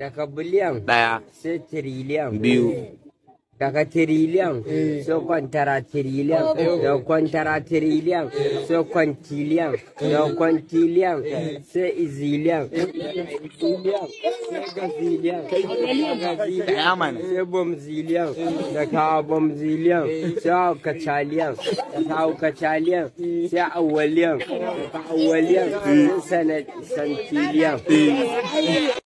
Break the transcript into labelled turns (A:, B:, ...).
A: Daga biliyan ɗaya sai
B: tiriliyan biyu. Daga tiriliyan sai kwantara tiriliyan, da kwantara tiriliyan sai kwantiliyan, da kwantiliyan sai iziliyan,
C: iziliyan
B: sai gaziliyan, gaziliyan sai bomziliyan, daga bomziliyan sai aukacaliyan, daga aukacaliyan sai awaliyan, daga awaliyan sai hmm. santiliyan.
D: Hmm.